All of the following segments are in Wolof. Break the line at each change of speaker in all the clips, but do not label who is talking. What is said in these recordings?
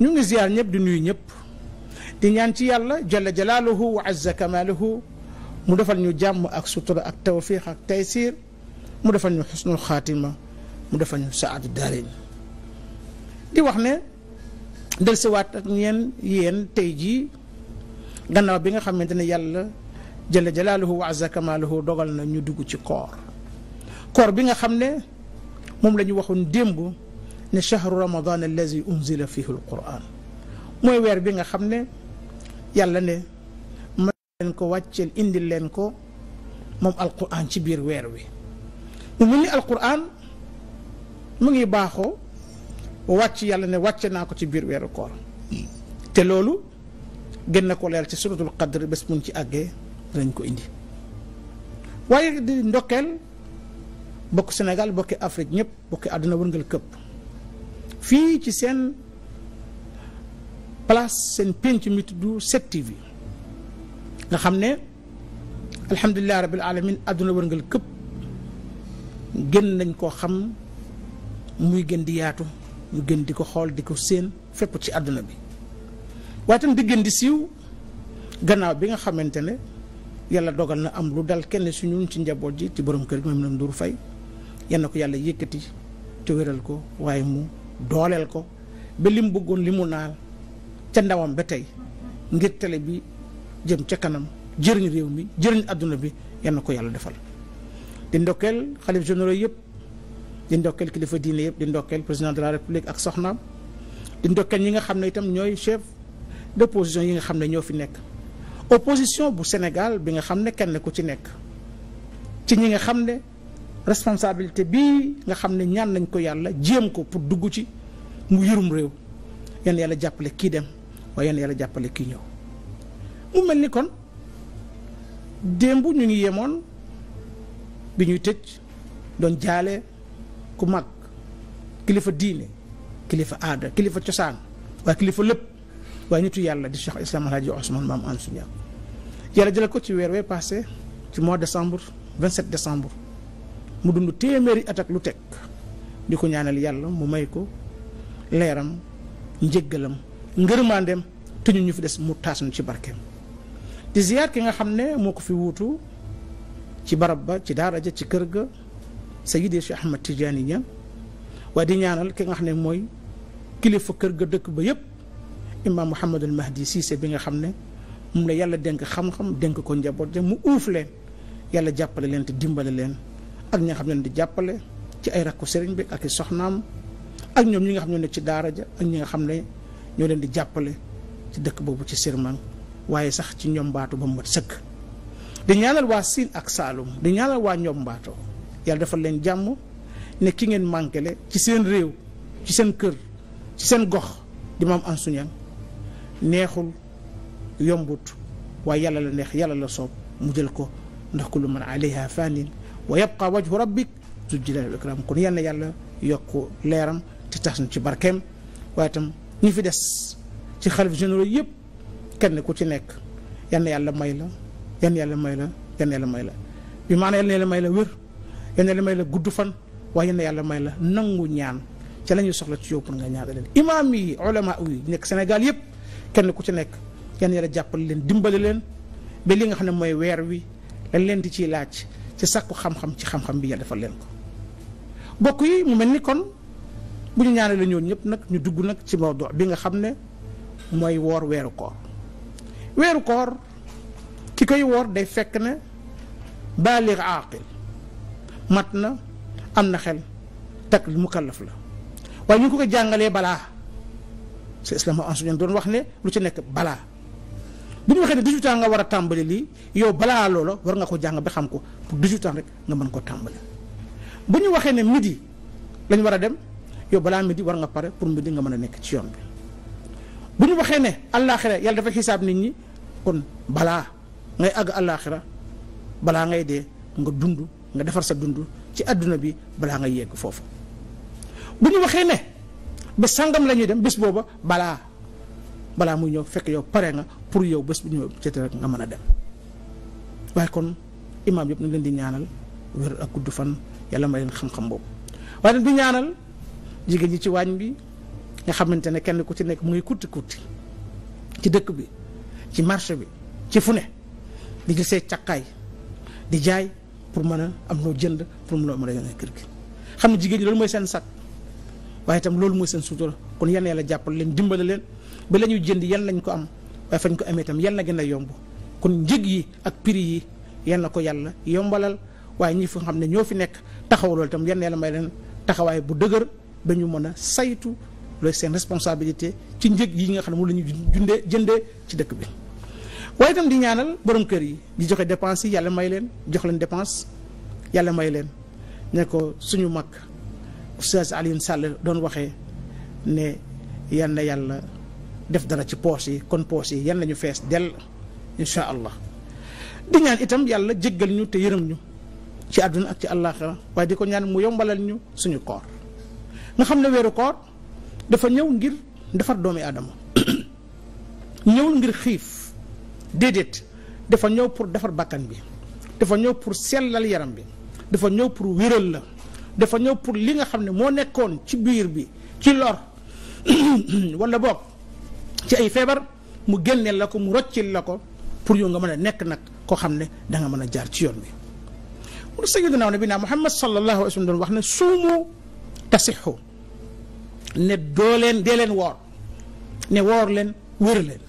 ñu ngi ziyaar ñëpp di nuyu ñëpp di ñaan ci yàlla jalla jalaaluhu wa azza mu defal ñu jàmm ak sutura ak tawfiq ak taysir mu defal ñu xusnul xaatima mu defal ñu saadu daarin di wax ne delsiwaat ak ñeen yéen tey jii gannaaw bi nga xamante ne yàlla jalla jalaaluhu wa azza kamaaluhu dogal na ñu dugg ci koor koor bi nga xam ne moom la ñu waxoon démb ne chahru ramadan allazi unzila fihi alquran mooy weer bi nga xam ne yàlla ne ma leen ko wàcceel indil leen ko moom alquran ci biir weer wi mu mel ni alquran mu ngi baaxoo wàcc yàlla ne wàcce naa ko ci biir weeru koor te loolu gën na ko leer ci suratul qadr bés mun ci àggee danañ ko indi waaye di ndokkeel bokk Sénégal bokki Afrique ñëpp bokki àdduna wërngal këpp fii ci seen place seen penc mi tudd 7TV nga xam ne alhamdulilah rabbil alamin àdduna wërngal këpp gën nañ koo xam muy gën di yaatu ñu gën di ko xool di ko séen fépp ci àdduna bi waaye tam di gën di siiw gannaaw bi nga xamante ne yàlla dogal na am lu dal kenn su ñun ci njaboot ji ci borom kër gi moom na Ndour Faye yal na ko yàlla yëkkati te ko waaye mu dooleel ko ba lim bëggoon limu mu ca ndawam ba tey ngir tele bi jëm ca kanam jëriñ réew mi jëriñ àdduna bi yal na ko yàlla defal di ndokkeel xalif généraux yëpp di ndokkeel kilifa diine yëpp di ndokkeel président de la république ak soxnaam di ndokkeel ñi nga xam ne itam ñooy chef d'opposition yi nga xam ne ñoo fi nekk opposition bu Sénégal bi nga xam ne kenn ko ci nekk ci ñi nga xam ne responsabilité bi nga xam ne ñaan nañ ko yàlla jéem ko pour dugg ci mu yërum réew yan yàlla jàppale kii dem waaye yan yàlla jàppale kii ñëw mu mel ni kon démb ñu ngi yemoon bi ñuy tëj doon jaale ku mag kilifa diine kilifa aada kilifa cosaan waaye kilifa lépp waaye nitu yàlla di Cheikh Islam Alhaji Ousmane Maam Ansou Niang yàlla jëlee ko ci weer wee passé ci mois décembre 27 décembre mu dund téeméeri at ak lu teg di ko ñaanal yàlla mu may ko leeram njëggalam ngërmaandeem te ñu ñu fi des mu taas ci barkeem di ziyaar ki nga xam ne moo ko fi wuutu ci barab ba ci daara ja ci kër ga Sayyidi Cheikh Ahmad Tidiane ña waaye di ñaanal ki nga xam ne mooy kilifa kër ga dëkk ba yépp imaam Mouhamadul Mahdi Cissé bi nga xam ne moom la yàlla denk xam-xam dénk ko njaboot ja mu uuf leen yàlla jàppale leen te dimbale leen ak ñi nga di jàppale ci ay rakku sëriñ bi ak i soxnaam ak ñoom ñi nga xam ne nekk ci daara ja ak ñi nga xam ne ñoo leen di jàppale ci dëkk boobu ci Sirmang waaye sax ci ñombaatu ba mu mat sëkk di ñaanal waa Siin ak Saalum di ñaanal waa ñoom mbaatoo yàlla dafa leen jàmm ne ki ngeen manqué le ci seen réew ci seen kër ci seen gox di maam Ansu Ñaŋ neexul yombut waaye yàlla la neex yàlla la soob mu jël ko ndax ku lu mën alayha fanin wa yabqa wajhu rabbik zul jalaali wal ikraam yàlla yokku leeram te tax na ci barkeem waaye itam ñi fi des ci xalif généraux yëpp kenn ku ci nekk yal yàlla may la yal na yàlla may la yal na may la bi maanaam yal na yàlla may la wér yàlla may la gudd fan waaye yal yàlla may la nangu ñaan ci la ñuy soxla ci yow pour nga ñaanal leen imaam yi ulama yi nekk Sénégal yëpp kenn ku ci nekk yal na yàlla jàppale leen dimbali leen ba li nga xam ne mooy weer wi lañ leen di ciy laaj ci sàkku xam-xam ci xam-xam bi yàlla defal leen ko bokk yi mu mel ni kon bu ñu ñaanee la ñoon ñëpp nag ñu dugg nag ci mawdu bi nga xam ne mooy woor weeru koor weeru koor ki koy woor day fekk ne baalir aaqil mat na am na xel takk mu kallaf la waaye ñu ko ko jàngalee balaa c'est islam en doon wax ne lu ci nekk balaa bu ñu waxee ne di ans nga war a tàmbali lii yow balaa loola war nga ko jàng bi xam ko pour 18 ans rek nga mën ko tàmbali bu ñu waxee ne midi lañ war a dem yow balaa midi war nga pare pour midi nga mën a nekk ci yoon bi bu ñu waxee ne àllaaxira yàlla dafa xisaab nit ñi kon balaa ngay àgg àllaaxira balaa ngay dee nga dund nga defar sa dund ci àdduna bi balaa ngay yegg foofu bu ñu waxee ne bés sàngam la dem bés booba balaa balaa muy ñëw fekk yow pare nga pour yow bés bu ñëw cete rek nga mën a dem waaye kon imaam yëpp nañ leen di ñaanal wér ak gudd fan yàlla ma leen xam-xam boobu waaye di ñaanal jigéen ñi ci waañ bi nga xamante ne kenn ku ci nekk mu ngi kutti kutti ci dëkk bi ci marché bi ci fu ne di jël see caqaay di jaay pour mën a am loo jënd pour mu loo mën a yónnee kër gi xam ne jigéen ñi loolu mooy seen sag waaye itam loolu mooy seen sutura kon yal na jàppal leen dimbale leen ba la ñuy jënd yan lañ ko am waaye fañ ko amee tam yan la gën a yomb kon njëg yi ak prix yi yan la ko yàlla yombalal waaye ñii fi xam ne ñoo fi nekk taxaw loolu itam yan yàlla may leen taxawaay bu dëgër ba ñu mën a saytu loolu seen responsabilité ci njëg yi nga xam ne moom la ñu jundee jëndee ci dëkk bi. waaye tam di ñaanal borom kër yi di joxe dépense yi yàlla may leen jox leen dépense yàlla may leen ne ko suñu mag Oustaz Alioune Sall doon waxee ne yal na def dara ci poose yi kon poos yi yan nañu fees dell incha allah di ñaan itam yàlla jéggal ñu te yërëm ñu ci àdduna ak ci àllaaxira waaye di ko ñaan mu yombalal ñu suñu koor nga xam ne weeru koor dafa ñëw ngir defar doomi aadama ñëw ngir xiif déedéet dafa ñëw pour defar bàkkan bi dafa ñëw pour sellal yaram bi dafa ñëw pour wéral la dafa ñëw pour li nga xam ne moo nekkoon ci biir bi ci lor wala boog ci ay feebar mu génneel la ko mu roccil la ko pour yow nga mën a nekk nag koo xam ne da mën a jaar ci yoon bi mu sayyiduna nabina Muhammad na alayhi wa sallam doon wax ne suumu tasixu ne doo leen dee leen woor ne woor leen wër leen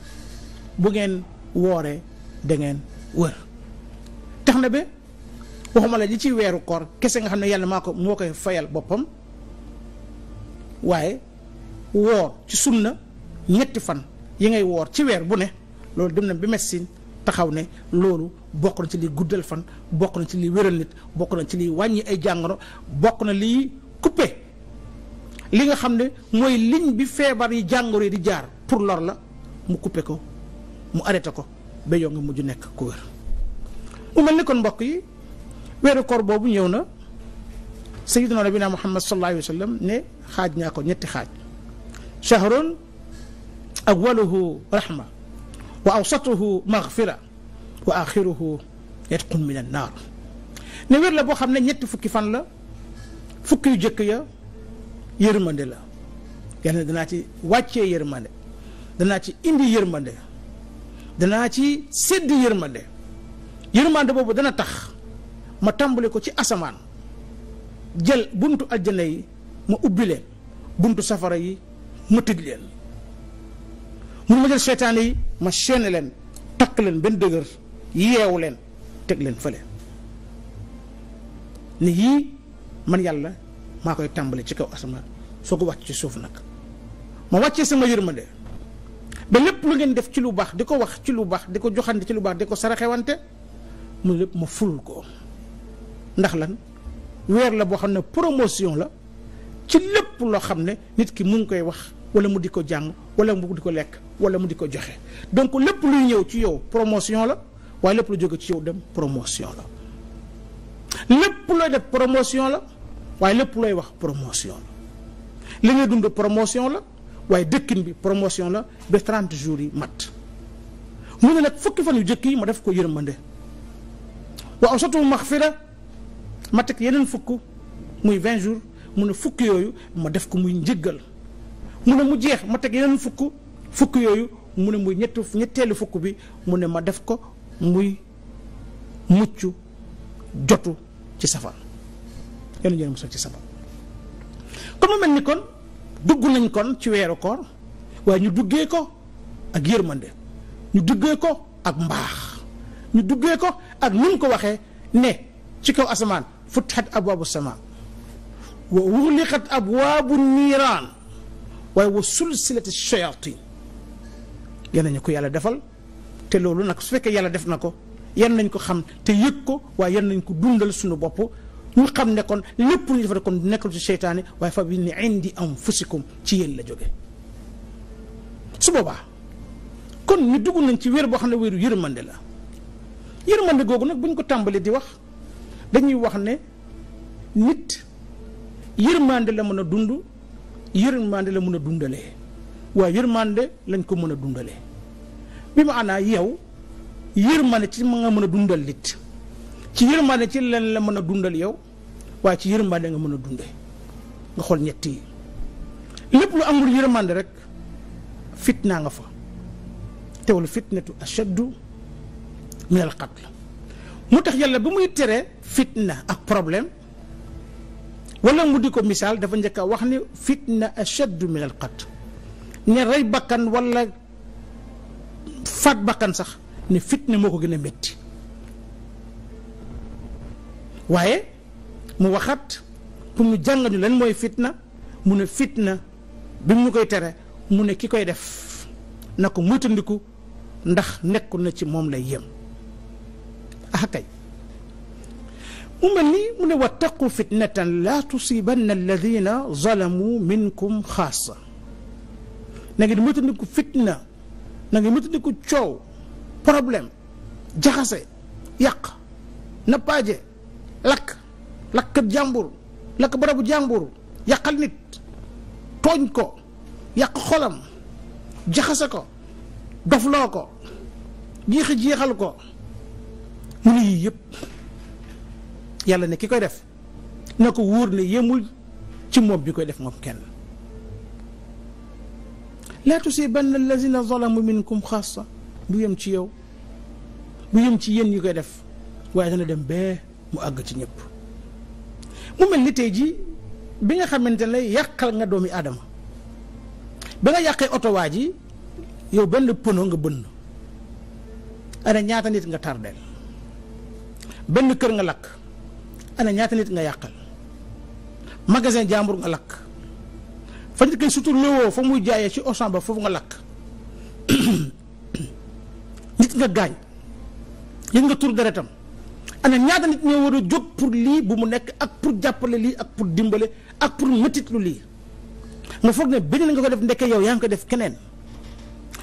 bu ngeen wooree da ngeen wër tax na ba waxuma la ñi ci weeru koor kese nga xam ne yàlla maa ko moo koy fayal boppam waaye woor ci sunna ñetti fan yi ngay woor ci weer bu ne loolu dem na bi médecine taxaw ne loolu bokk na ci liy guddal fan bokk na ci liy wéral nit bokk na ci liy wàññi ay jàngoro bokk na liy kuppe li nga xam ne mooy ligne bi feebar yi jàngoro yi di jaar pour lor la mu coupé ko mu arrêté ko ba yow nga mujj nekk ku wér. mu mel ni kon mbokk yi weeru koor boobu ñëw na na nabina muhammad sallallahu alayhi wa sallam ne xaaj ñaa ko ñetti xaaj shahrun awwaluhu rahma wa awsatuhu maghfira wa axiruhu yatqun min an naar ne la boo xam ne ñetti fukki fan la fukki yu jëkk ya yërmande la yàlla danaa ci wàccee yërmande danaa ci indi yërmande danaa ci sédd yërmande yërmande boobu dana tax ma tàmbali ko ci asamaan jël buntu aljana yi ma ubbi leen buntu safara yi ma leen mun ma jël seytaane yi ma chaîne leen takk leen benn dëgër yeewu leen teg leen fële nit yii man yàlla maa koy tàmbali ci kaw asamaan soo ko wàcc ci suuf nag ma wàccee sama ma yërmande ba lépp lu ngeen def ci lu baax di ko wax ci lu baax di ko joxante ci lu baax di ko saraxewante mu lépp ma fulul ko ndax lan weer la boo xam ne promotion la ci lépp loo xam ne nit ki mu ngi koy wax wala mu di ko jàng wala mu di ko lekk wala mu di ko joxe donc lépp luy ñëw ci yow promotion la waaye lépp lu jóge ci yow dem promotion la lépp looy def promotion la waaye lépp looy wax promotion la li ngay dund promotion la waaye dëkkin bi promotion la ba 30 jours yi mat mu ne nag fukki fan yu jëkk yi ma def ko yërmande wa awsatu maxfira ma teg yeneen fukk muy 20 jours mu ne fukk yooyu ma def ko muy njëggal mu ne mu jeex ma teg yeneen fukk fukk yooyu mu ne muy ñett ñetteelu fukk bi mu ne ma def ko muy mucc jotu ci safar yéen a ngi ci safar kon mu mel ni kon dugg nañ kon ci weeru koor waaye ñu duggee ko ak yërmande ñu duggee ko ak mbaax ñu duggee ko ak ni ko waxee ne ci kaw asamaan futtihat abwaabu samaa wa uxliqat abwaabu niiraan waaye wa sulsilati shayatin yal nañu ko yàlla defal te loolu nag su fekkee yàlla def na ko yan nañ ko xam te yëg ko waaye yan nañ ko dundal suñu bopp ñu xam ne kon lépp lu ñu defal kon nekkul ci seytaane waaye fa bi ni indi anfusikum ci yéen la jóge su boobaa kon ñu dugg nañ ci wér boo xam ne wéru yërmande la yërmande googu nag bu ñu ko tàmbalee di wax dañuy wax ne nit yërmande la mën a dund yërmande la mën a dundalee waaye yërmande lañ ko mën a dundalee bi ma anaa yow yërmande ci ma nga mën a dundal nit ci yërmande ci leen la mën a dundal yow waaye ci yërmande nga mën a dunde nga xool ñett yi lépp lu amul yërmande rek fitna nga fa te wal tax yàlla bi muy fitna ak problème wala mu di ko misaal dafa njëkk a wax ni fitna ashaddu min al qatl ne rey bakkan wala faat bakkan sax ne fitna moo ko gën a métti waaye mu waxat pour ñu jàngal ñu lan mooy fitna mu ne fitna bi mu koy tere mu ne ki koy def na ko moytandiku ndax nekkul na ci moom lay yem ah kay mu mel ni mu ne wattaqu fitnatan laa tusibanna alladina zalamu minkum xaasa na ngeen moytandiku fitna na nga méttandiku coow problème jaxase yàq nappaaje lakk lakk jàmbur lakk barabu jàmbur yàqal nit tooñ ko yàq xolam jaxase ko dofloo ko jiixi jiixal ko mu ne yii yëpp yàlla ne ki koy def na ko wóor ne yemul ci moom bi koy def moom kenn laa tusibanna allazina zalamu minkum xaasa bu yem ci yow bu yem ci yéen ñi koy def waaye dana dem bee mu àgg ci ñépp mu mel ni tey jii bi nga xamante ne yàqal nga doomi aadama ba nga yàqee oto waa ji yow benn pono nga bënn ana ñaata nit nga tardeel benn kër nga lakk ana ñaata nit nga yàqal magasin jàmbur nga lakk fañ koy sutur léewoo fa muy jaayee ci Auchan ba foofu nga lakk nit nga gaañ yëg nga tur deretam ana ñaata nit ñoo war a jóg pour lii bu mu nekk ak pour jàppale lii ak pour dimbale ak pour métit lu lii nga foog ne beneen nga ko def ndekkee yow yaa ngi ko def keneen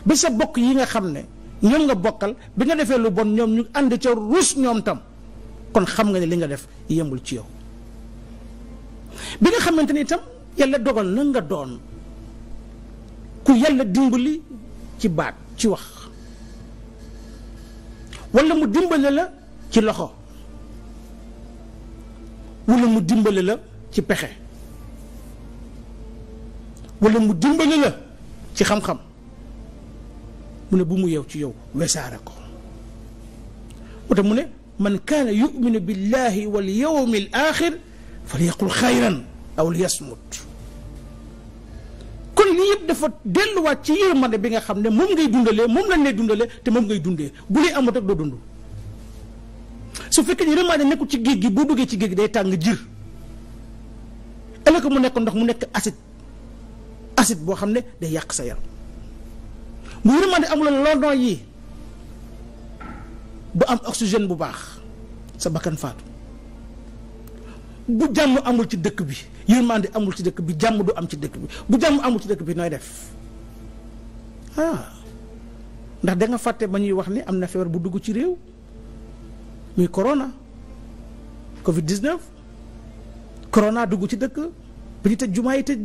ba sa bokk yi nga xam ne ñoom nga bokkal ba nga defee lu bon ñoom ñu ànd ca ruus ñoom tam kon xam nga ne li nga def yemul ci yow bi nga xamante ni itam yàlla dogal na nga doon ku yàlla dimbali ci baat ci wax walla mu dimbale la ci loxo walla mu dimbali la ci pexe walla mu dimbale la ci xam-xam mu ne bu mu yew ci yow wesaare ko moo tax mu ne man kaana yuminu billahi wal yawmi al axir fal yaqul xayran aw li yasmut kon lii yëpp dafa delluwaat ci yërmande bi nga xam ne moom ngay dundalee moom lañ lay dundalee te moom ngay dundee bu lay amut ak doo dund su fekkee nii yërmande nekkul ci géej gi boo duggee ci géej gi day tàng jir ëllëg mu nekk ndox mu nekk acide acide boo xam ne day yàq sa yaram bu yërmande amul london yi bu am oxygène bu baax sa bakkan faatu bu jàmm amul ci dëkk bi di amul ci dëkk bi jàmm du am ci dëkk bi bu jàmm amul ci dëkk bi nooy def ah. ndax da nga fàtte ba ñuy wax ni am na feebar bu dugg ci réew muy corona Covid 19 corona dugg ci dëkk bi ñu tëj jumaa yi tëj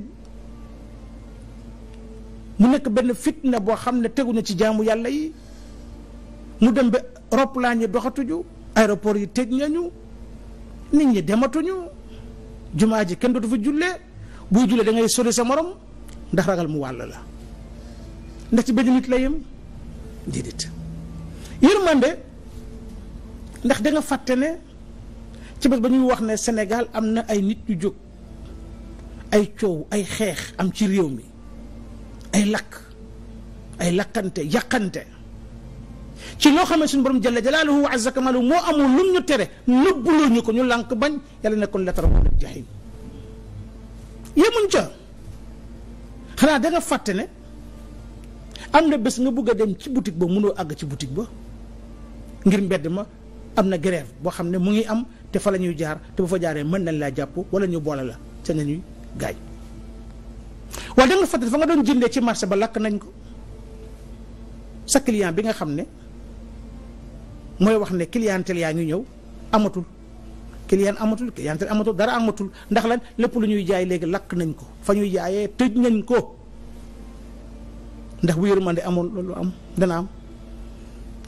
mu nekk benn na boo xam ne tegu na ci jaamu yàlla yi mu dem ba roplaan yi doxatuñu aéroport yi tëj nañu nit ñi dematuñu. jumaa ji kenn dootu fa jullee buy jullee da ngay sa moroom ndax ragal mu wàll la ndax ci benn nit la yem déedéet yërmande ndax danga nga fàtte ne ci ba ñuy wax ne senegal am na ay nit ñu jóg ay coow ay xeex am ci réew mi ay lakk ay lakkante yàqante ci loo xam suñu borom jalla jalaaluhu wa azza kamaaluhu moo amul lum ñu tere nëbbuloo ñu ko ñu lànk bañ yàlla ne kon la tarawna jahim yemuñ ca xanaa da nga fàtte ne am na bés nga bugg a dem ci boutique ba mënoo àgg ci boutique ba ngir mbedd ma am na grève boo xam ne mu ngi am te fa la ñuy jaar te bu fa jaaree mën nañ laa jàpp wala ñu boole la te nañuy gaañ waaye da nga fàtte fa nga doon jëndee ci marché ba lakk nañ ko sa client bi nga xam ne mooy wax ne clientèle yaa ngi ñëw amatul client amatul clientèle amatul dara amatul ndax lan lépp lu ñuy jaay léegi lakk nañ ko fa ñuy jaayee tëj nañ ko ndax bu yërmande amoon loolu am dana am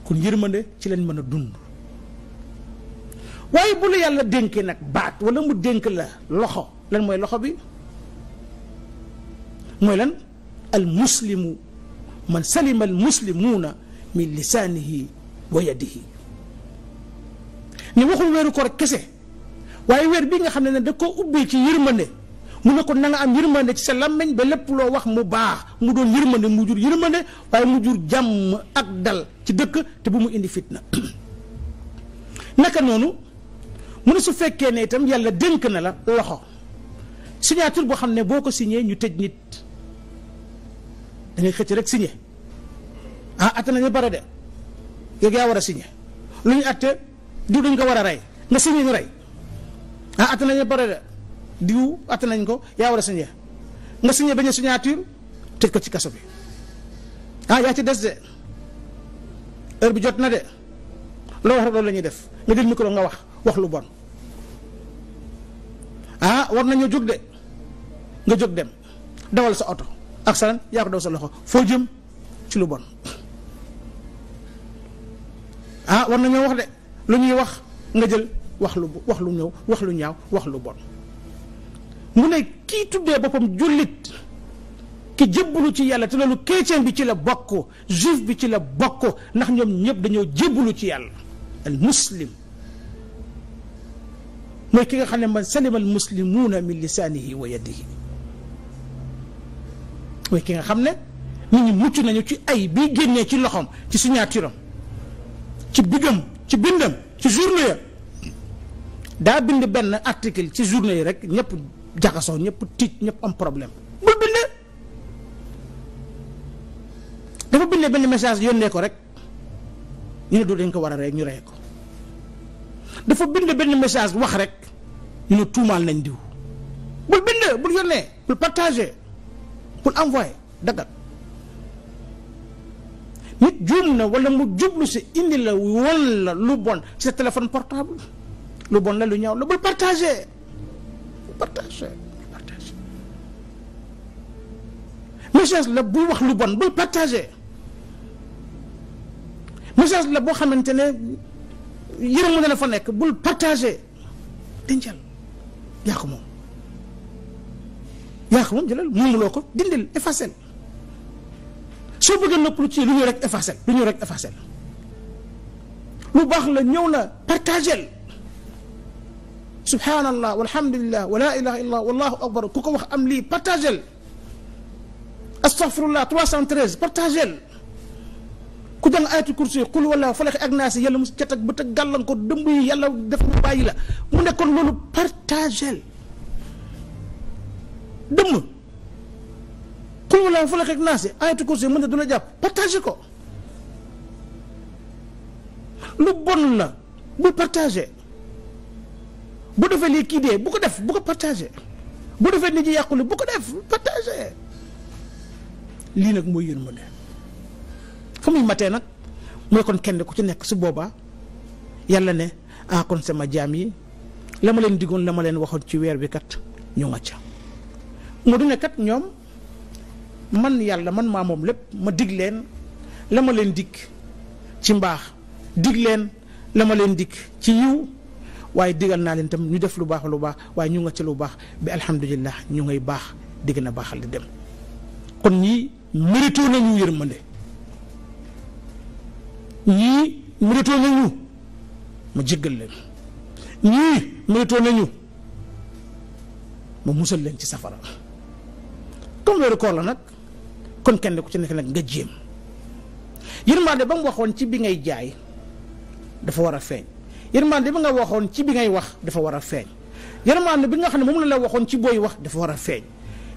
kon yërmande ci lañ mën a dund waaye bu la yàlla dénkee nag baat wala mu dénk la loxo lan mooy loxo bi mooy lan al muslimu man salima al mi min lisaanihi wa yadihi ñu waxul weeru rek kese waaye weer bii nga xam ne da koo ubbee ci yërmande mu ne ko na nga am yërmande ci sa làmmiñ ba lépp loo wax mu baax mu doon yërmande mu jur yërmande waaye mu jur jàmm ak dal ci dëkk te bu mu indi fitna naka noonu mu ne su fekkee ne itam yàlla dénk na la loxo signature boo xam ne boo ko siñee ñu tëj nit da xëcc rek signé ah atte nañu bare de yow yaa war a signé lu ñu atte diw dañ ko war a rey nga sañee ñu rey ah atte nañ la pare de diw atte nañ ko yaa war a sañee nga sañee bañ a signature tëj ko ci kaso bi ah yaa ci des de heure bi jot na de loo wax rek loolu la def nga jël micro nga wax wax lu bon ah war nañoo jóg de nga jóg dem dawal sa oto ak sa yaa ko daw sa loxo foo jëm ci lu bon ah war nañoo wax de. lu ñuy wax nga jël wax lu wax lu ñëw wax lu ñaaw wax lu bon mu ne kii tuddee boppam jullit ki jébbalu ci yàlla te loolu chrétien bi ci la bokk juif bi ci la bokk ndax ñoom ñëpp dañoo jébbalu ci yàlla al mooy ki nga xam ne man salima al muslimuuna min lisaanihi wa yadihi mooy ki nga xam ne nit ñi mucc nañu ci ay bii génnee ci loxoom ci signature ci bigam ci bindam ci journée ya daa bind benn article ci journée yi rek ñëpp jaxasoo ñëpp tiit ñëpp am problème bul bind dafa bindee benn message yónnee ko rek ñu ne du dañ ko war a rey ñu rey ko dafa bind benn message wax rek ñu ne tuumaal nañ diw bul bind bul yónnee bul partager bul envoyer dagat nit juum na wala mu jublu si indi la won la lu bon ci téléphone portable lu bon la lu ñaaw la bul partagé partagé partagé message la bul wax lu bon bul partagé message la boo xamante ne yërëmu na fa nekk bul partagé dencal yaa ko moom yaa ko moom jëlal moomuloo ko dindil effacel soo bëggee noppalu ci lu ñu rek effacé lu ñu rek effacé baax la ñëw na partagel subhanallah walhamdulillah wa la ilaha illallah wallahu akbar ku ko wax am lii partagel astaghfirullah 313 partagel ku jàng ayatul kursi qul wala falaq ak naas yàlla mu cat ak bët ak gàllankoor dëmb yi yàlla def mu la mu nekkoon loolu partagel dëmb xul wala falaq ak naas ayatul kursi mën na duna jàpp partagé ko lu bon la bu partagé bu defee lii kii dee bu ko def bu ko partagé bu defee nit ñi yàqule bu ko def partagé lii nag mooy yërmande fa muy matee nag mooy kon kenn ku ci nekk si boobaa yàlla ne ah kon sama jaam yi la ma leen digoon la ma leen waxoon ci weer bi kat ñu nga ca mu du ne kat ñoom. man yàlla man maa moom lépp ma digg leen la ma leen dikk ci mbaax digg leen la ma leen dikk ci yiw waaye digal naa leen tam ñu def lu baax lu baax waaye ñu nga ci lu baax bi alhamdulillah ñu ngay baax digg na baaxal di dem kon ñii mérito nañu yërmande ñii mérito nañu ma jéggal leen ñii mérito nañu ma musal leen ci safara comme weeru koor la nag kon kenn ku ci nekk nag nga jéem yërmande ba mu waxoon ci bi ngay jaay dafa war a feeñ yërmande bi nga waxoon ci bi ngay wax dafa war a feeñ yërmande bi nga xam ne moom la la waxoon ci booy wax dafa war a feeñ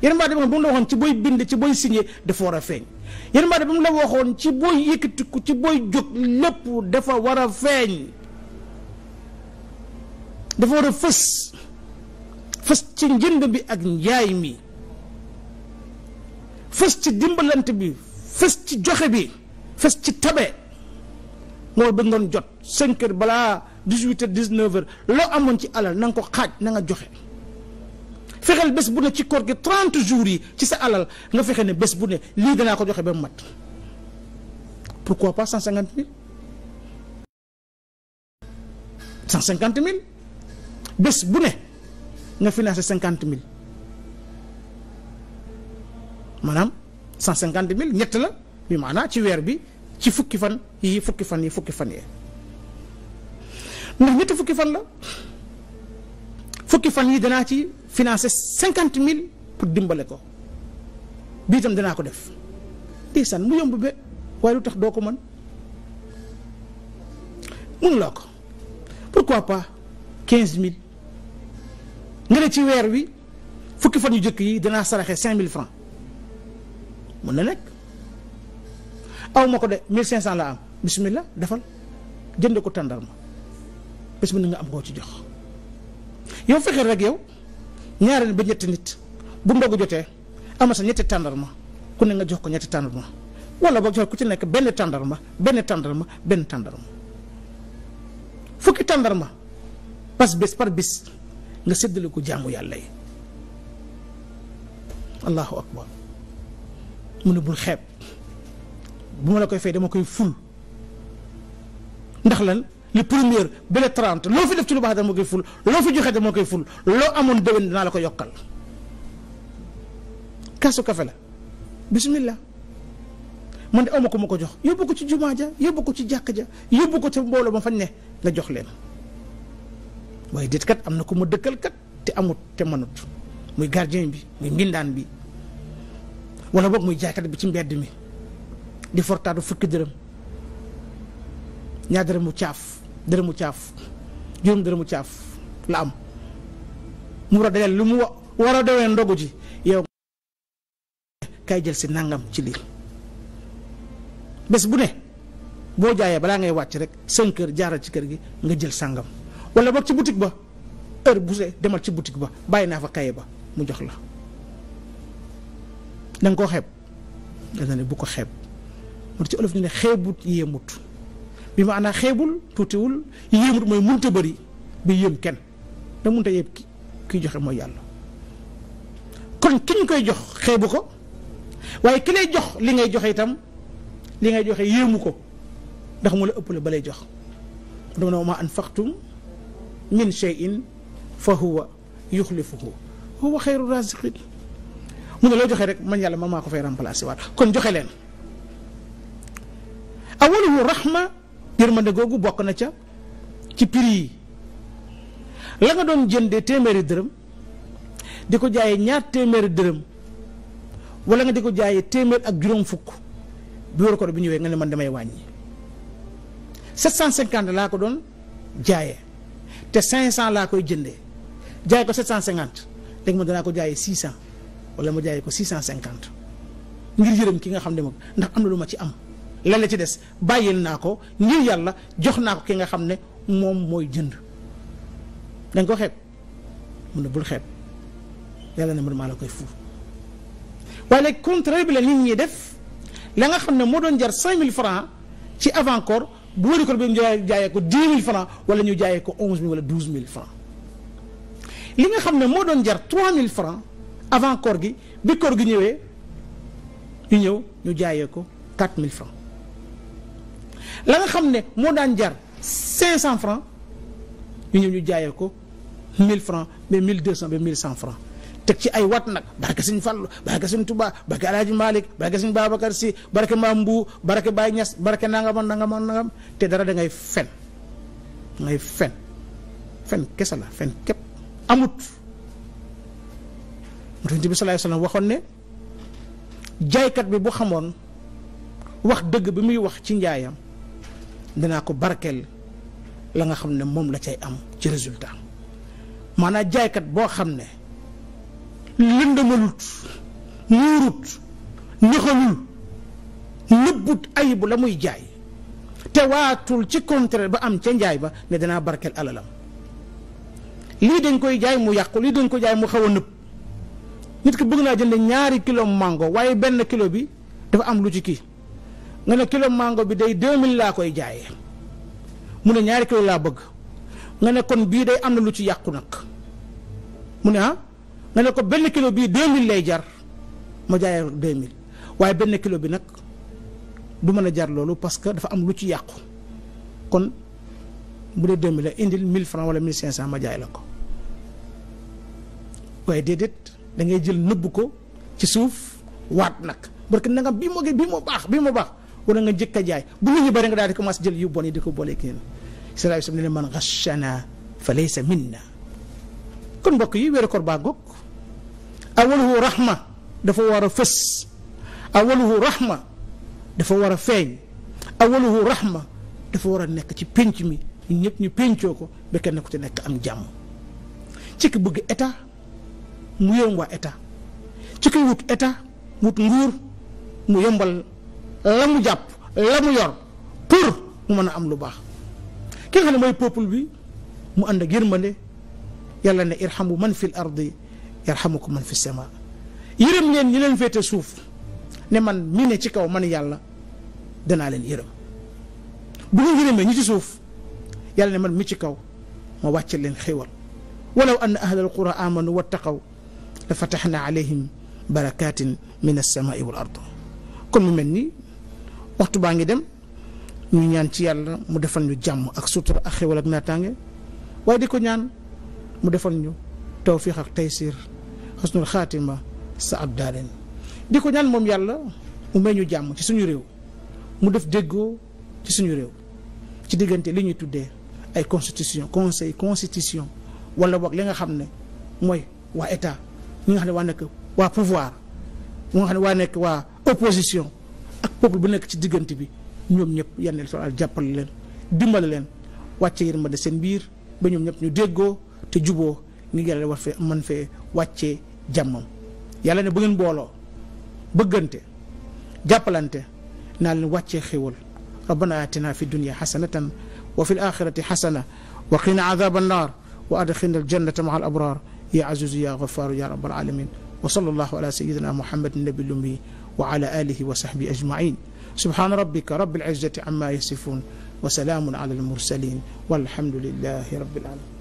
yërmande bi nga xam ne moom la waxoon ci booy bind ci booy signé dafa war a feeñ yërmande bi mu la waxoon ci booy yëkkatiku ci booy jóg lépp dafa war a feeñ dafa war a fës fës ci njënd bi ak njaay mi fës ci dimbalante bi fës ci joxe bi fës ci tabe mooy ba ngoon jot 5 heures balaa 18 heures 19 heures loo amoon ci alal na nga ko xaaj na nga joxe fexeel bés bu ne ci koor gi 30 jours yi ci sa alal nga fexe ne bés bu ne lii danaa ko joxe ba mu mat pourquoi pas 150 000 150 000 bés bu ne nga financé 50 000. maanaam cent cinquante mille ñett la bi maanaa ci weer bi ci fukki fan yi fukki fan yi fukki fan yi fukki fan la fukki fan yi danaa ci finance cinquante mille pour dimbale ko bii tam danaa ko def ndeysaan mu yomb be waaye lu tax doo ko mën mënuloo ko pourquoi pas quinze mille nga ne ci weer wi fukki fan yu jëkk yi danaa saraxe cinq mën na nekk aw ma ko de 1500 la am bismillah defal jënde ko tàndarma bés bu ne nga am koo ci jox yow fexeel rek yow ñaari ba ñetti nit bu ndogu jotee ama sa ñetti tàndarma ku ne nga jox ko ñetti tàndarma wala boog jox ku ci nekk benn tàndarma benn tàndarma benn tàndarma fukki tàndarma pas bés par bis nga séddale ko jaamu yàlla yi allahu akbar mu ne bul xeeb bu ma la koy fay dama koy ful ndax lan le premier ba le trente loo fi def ci lu baax dama koy ful loo fi joxe dama koy ful loo amoon déwén dinaa la ko yokkal kaasu kafe la bismillah man de aw ma ma ko jox yóbbu ko ci jumaa ja yóbbu ko ci jàkk ja yóbbu ko ci mbooloo ma fañ ne nga jox leen waaye déet am na ku ma dëkkal kat te amut te mënut muy gardien bi muy mbindaan bi wala boog muy jaaykat bi ci mbedd mi di fortaatu fukki dërëm ñaar dërëmu caaf dërëmu caaf juróom dërëmu caaf la am mu war a dajal lu mu war a dawee ndogu ji yow kay jël si nangam ci lii bés bu ne boo jaayee balaa ngay wàcc rek seen kër jaaral ci kër gi nga jël sàngam wala boog ci boutique ba heure bu see demal ci boutique ba bàyyi naa fa kaye ba mu jox la da nga koo xeeb dana ne bu ko xeeb moo ci olof ñu ne xeebut yéemut bi maanaa xeebul tuutiwul yéemut mooy munta bëri bi yéem kenn da munta yéeb ki kiy joxe mooy yàlla kon ki koy jox xeebu ko waaye ki lay jox li ngay joxe itam li ngay joxe yéemu ko ndax mu la ëppale ba lay jox dama ne ma anfaqtum min shay'in fa huwa yuxlifuhu huwa xayru raziqin mu ne loo joxe rek man yàlla man maa ko fay remplacer waat kon joxe leen awaluhu rahma yërmande googu bokk na ca ci prix yi la nga doon jëndee téeméeri dërëm di ko jaayee ñaar téeméeri dërëm wala nga di ko jaayee téeméer ak juróom fukk bi wéeru koor bi ñëwee nga ne man damay wàññi 750 laa ko doon jaaye te 500 laa koy jëndee jaay ko 750 léegi man danaa ko jaaye jaayee 600. wala ma jaayee ko 650 ngir yërëm ki nga xam ne moom ndax am na lu ma ci am lan la ci des bàyyil naa ko ngir yàlla jox naa ko ki nga xam ne moom mooy jënd dañ ko xeeb mun na bul xeeb yàlla ne ma maa la koy fuur waaye léegi contraire bi la nit ñi def la nga xam ne moo doon jar 5000 francs ci avant corps bu wëri ko bi ñu jaayee ko 10 000 francs wala ñu jaayee ko 11 000 wala 12 000 francs li nga xam ne moo doon jar 3 000 francs avant koor gi bi koor gi ñëwee ñu ñëw ñu jaayee ko 4000 francs la nga xam ne moo daan jar 500 francs ñu ñëw ñu jaayee ko 1000 francs mais 1200 ba 1100 francs teg ci ay wat nag barke Sëñ Fallu barke Sëñ Tuubaa barke Alaaji Malik barke Sëñ Babacar Si barke Maam Mbu barke Baay Ñas barke nangama nangama nangam te dara da ngay fen da ngay fen fen kese la fen képp amut moo tax bi salaay salaam waxoon ne jaaykat bi bu xamoon wax dëgg bi muy wax ci njaayam dinaa ko barkeel la nga xam ne moom la cay am ci résultat maanaa jaaykat boo xam ne lëndamalut nuurut nëxalul nëbbut ayibu la muy jaay te waatul ci contraire ba am ca njaay ba ne dinaa barkeel alalam lii dañ koy jaay mu yàqu lii dañ ko jaay mu xaw a nëbb nit ki bëgg naa jënd ñaari kilo mango waaye benn kilo bi dafa am lu ci kii nga ne kilo mango bi day 2000 laa koy jaayee mu ne ñaari kilo laa bëgg nga ne kon bii day am na lu ci yàqu nag mu ne ah nga ne ko benn kilo bii 2000 lay jar ma jaaye jaayee 2000 waaye benn kilo bi nag du mën a jar loolu parce que dafa am lu ci yàqu kon bu dee 2000 la indil 1000 francs wala 1500 ma jaay la ko waaye déedéet. da ngay jël nëbb ko ci suuf waat nag parce que nangam bii moo gën bii moo baax bii moo baax wala nga njëkk a jaay bu nit ñi bëri nga daal di commencé jël yu bon yi di ko booleeg yéen israel sam ne ne man ghashana fa laysa minna kon mbokk yi weeru koor baa ngoog awaluhu rahma dafa war a fës awaluhu rahma dafa war a feeñ awaluhu rahma dafa war a nekk ci pénc mi ñun ñëpp ñu péncoo ko ba kenn ku ci nekk am jàmm ci ki bëgg état mu yomb waa état ci koy wut état wut nguur mu yombal la mu jàpp la mu yor pour mu mën a am lu baax ki xam ne mooy peuple bi mu ànd ak yërmande yàlla ne irhamu man fil ardi yarhamukum man fi sama yërëm leen ñi féete suuf ne man mi ci kaw man yàlla danaa leen yërëm bu ngeen yërëmee ñi ci suuf yàlla ne man mi ci kaw ma wàcce leen xéewal walaw anna ahlal qura amanu wattaqaw dafa fataxnaa alayhim barakatin min alsamai wal ard kon mu mel ni waxtu baa ngi dem ñu ñaan ci yàlla mu defal ñu jàmm ak sutura ak xewal ak naataange di ko ñaan mu defal ñu tawfiq ak taysir xusnul xaatima sa ab daaleen di ko ñaan moom yàlla mu may ñu jàmm ci suñu réew mu def déggoo ci suñu réew ci diggante li ñuy tuddee ay constitution conseil wala boog li nga xam ne mooy waa état mu nga xam ne waa nekk waa pouvoir ñi nga xam ne waa nekk waa opposition ak peuple bu nekk ci diggante bi ñoom ñëpp yal na leen jàppale leen dimbale leen wàcce yërmande seen biir ba ñoom ñëpp ñu déggoo te juboo ni yàlla wax fee mën fee wàccee jàmmam. yàlla ne bu ngeen booloo bëggante jàppalante naa leen wàccee xéwal rabbana atina fi dunya xasanatan wa fi l axirati xasana wa qina adaba annar wa adxilna aljannata maa al abrar ya azizu ya gafaaru ya rabbal alamin wa sallallahu ala sayidina muhammadin nabi lummi wa ala alihi wa sahbi ajmain subhaana rabbika rabbil izzati amma yasifun wa salaamun ala almursalin walhamdulillahi rabbil alamin